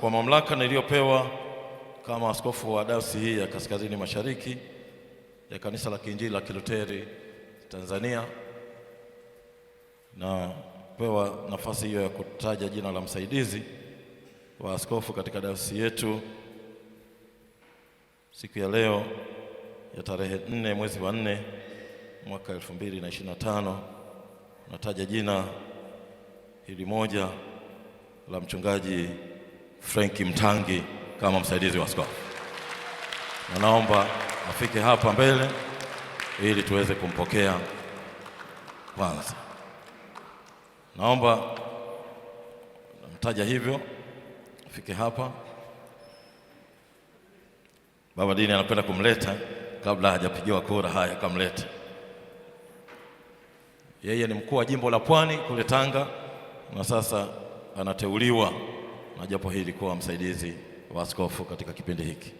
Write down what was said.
Kwa mamlaka niliyopewa kama askofu wa dayosisi hii ya Kaskazini Mashariki ya Kanisa la Kiinjili la Kiluteri Tanzania, pewa nafasi hiyo ya kutaja jina la msaidizi wa askofu katika dayosisi yetu siku ya leo ya tarehe 4 mwezi wa 4 mwaka 2025 nataja jina hili moja la mchungaji Frank Mtangi kama msaidizi wa askofu, na naomba afike hapa mbele ili tuweze kumpokea kwanza. Naomba namtaja hivyo, afike hapa. Baba dini anapenda kumleta kabla hajapigiwa kura. Haya, kamlete. Yeye ni mkuu wa jimbo la Pwani kule Tanga na sasa anateuliwa na japo hili kuwa msaidizi wa askofu katika kipindi hiki.